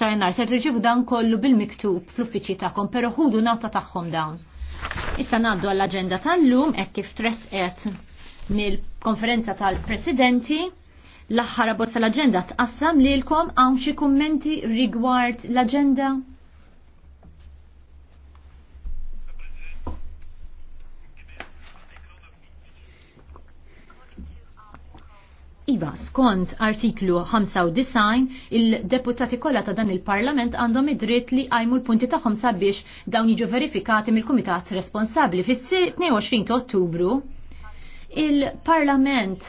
Sajnar ser riġivu dan kollu bil-miktub fl-uffiċi ta'kom, pero ħudu nota tagħhom dawn. Issa naddu għall-agenda tal-lum, ek kif tresqet mill-konferenza tal-presidenti, l-aħħar abbozza l-agenda tqassam lilkom hawn xi kummenti rigward l-agenda Iva, skont artiklu 95, il-deputati kollha ta' dan il-Parlament għandhom id-dritt li għajmu l-punti tagħhom sabiex dawn jiġu verifikati mill-Kumitat responsabbli fis-22 ta' Ottubru. Il-Parlament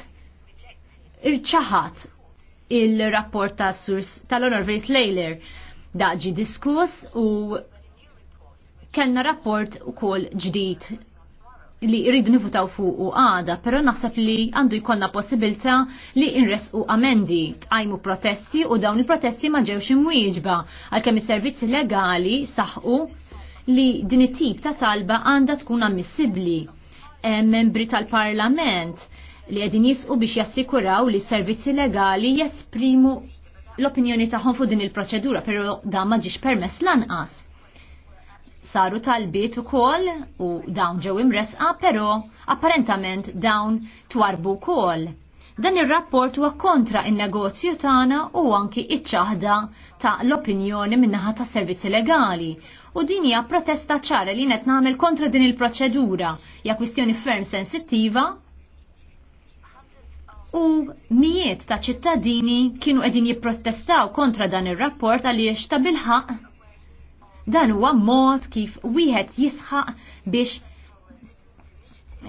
irċaħat il-rapport ta' surs tal-Honorable da daġi diskuss u kellna rapport ukoll ġdid li jridu nifutaw fuq u għada, pero naħseb li għandu jkollna possibilta li inres u amendi tqajmu protesti u dawn il-protesti ma ġewx imwieġba għalkemm is-servizzi legali saħqu li din it-tip ta' talba għandha tkun ammissibbli. Membri tal-Parlament li qegħdin jisqu biex jassikuraw li s-servizzi legali jesprimu l-opinjoni tagħhom fuq din il-proċedura, però dan ma ġiex permess lanqas saru talbiet ukoll u dawn ġew imresqa, pero apparentament dawn twarbu wkoll. Dan ir-rapport huwa kontra in-negozju tagħna u anki iċ-ċaħda ta' l-opinjoni min-naħa ta' servizzi legali. U din hija protesta ċara li qed nagħmel kontra din il-proċedura hija kwistjoni ferm sensittiva U mijiet ta' ċittadini kienu qegħdin jipprotestaw kontra dan ir-rapport għaliex ta' bilħaq Dan huwa mod kif wieħed jisħaq biex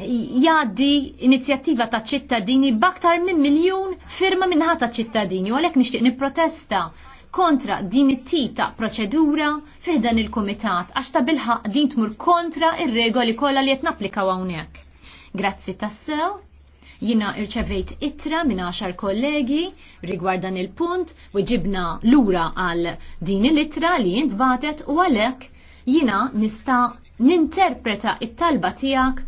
jgħaddi inizjattiva ta' ċittadini baktar minn miljun firma minnħa ta' ċittadini u għalhekk nixtieq nipprotesta kontra din it-tip ta' proċedura fih dan il-komitat għax ta' bilħaq din tmur kontra ir-regoli kollha li qed napplikaw hawnhekk. Grazzi tassew. Jina irċevejt itra minn 10 kollegi rigward dan il-punt u ġibna lura għal din l-itra li jintbatet u għalek jina nista ninterpreta it-talba tijak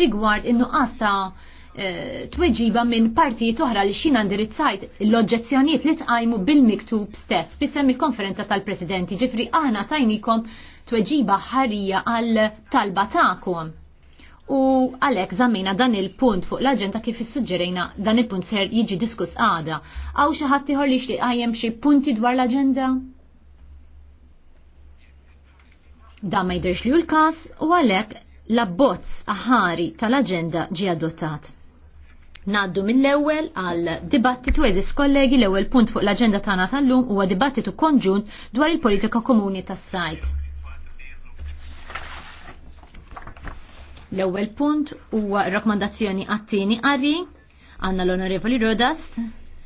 rigward in-nuqqas ta' eh, tweġiba minn partijiet oħra li xina ndirizzajt l-oġġezzjonijiet li tqajmu bil-miktub stess fissem il-konferenza tal-presidenti ġifri aħna tajnikom tweġiba ħarija għal talba ta'kom u għalek zammina dan il-punt fuq l-agenda kif issuġġerejna dan il-punt ser jiġi diskus għada. Għaw xaħat tiħor li għajem xie punti dwar l-agenda? Da ma jidrx li l-kas u għalek l-abbozz aħari tal-agenda ġi adottat. Naddu mill-ewwel għal dibattitu eżis kollegi l-ewwel punt fuq l-agenda tana tal-lum huwa dibattitu konġunt dwar il-politika komuni tas-sajt. L-ewwel punt huwa rakkomandazzjoni għat-tieni qari għandna l-Onorevoli Rodast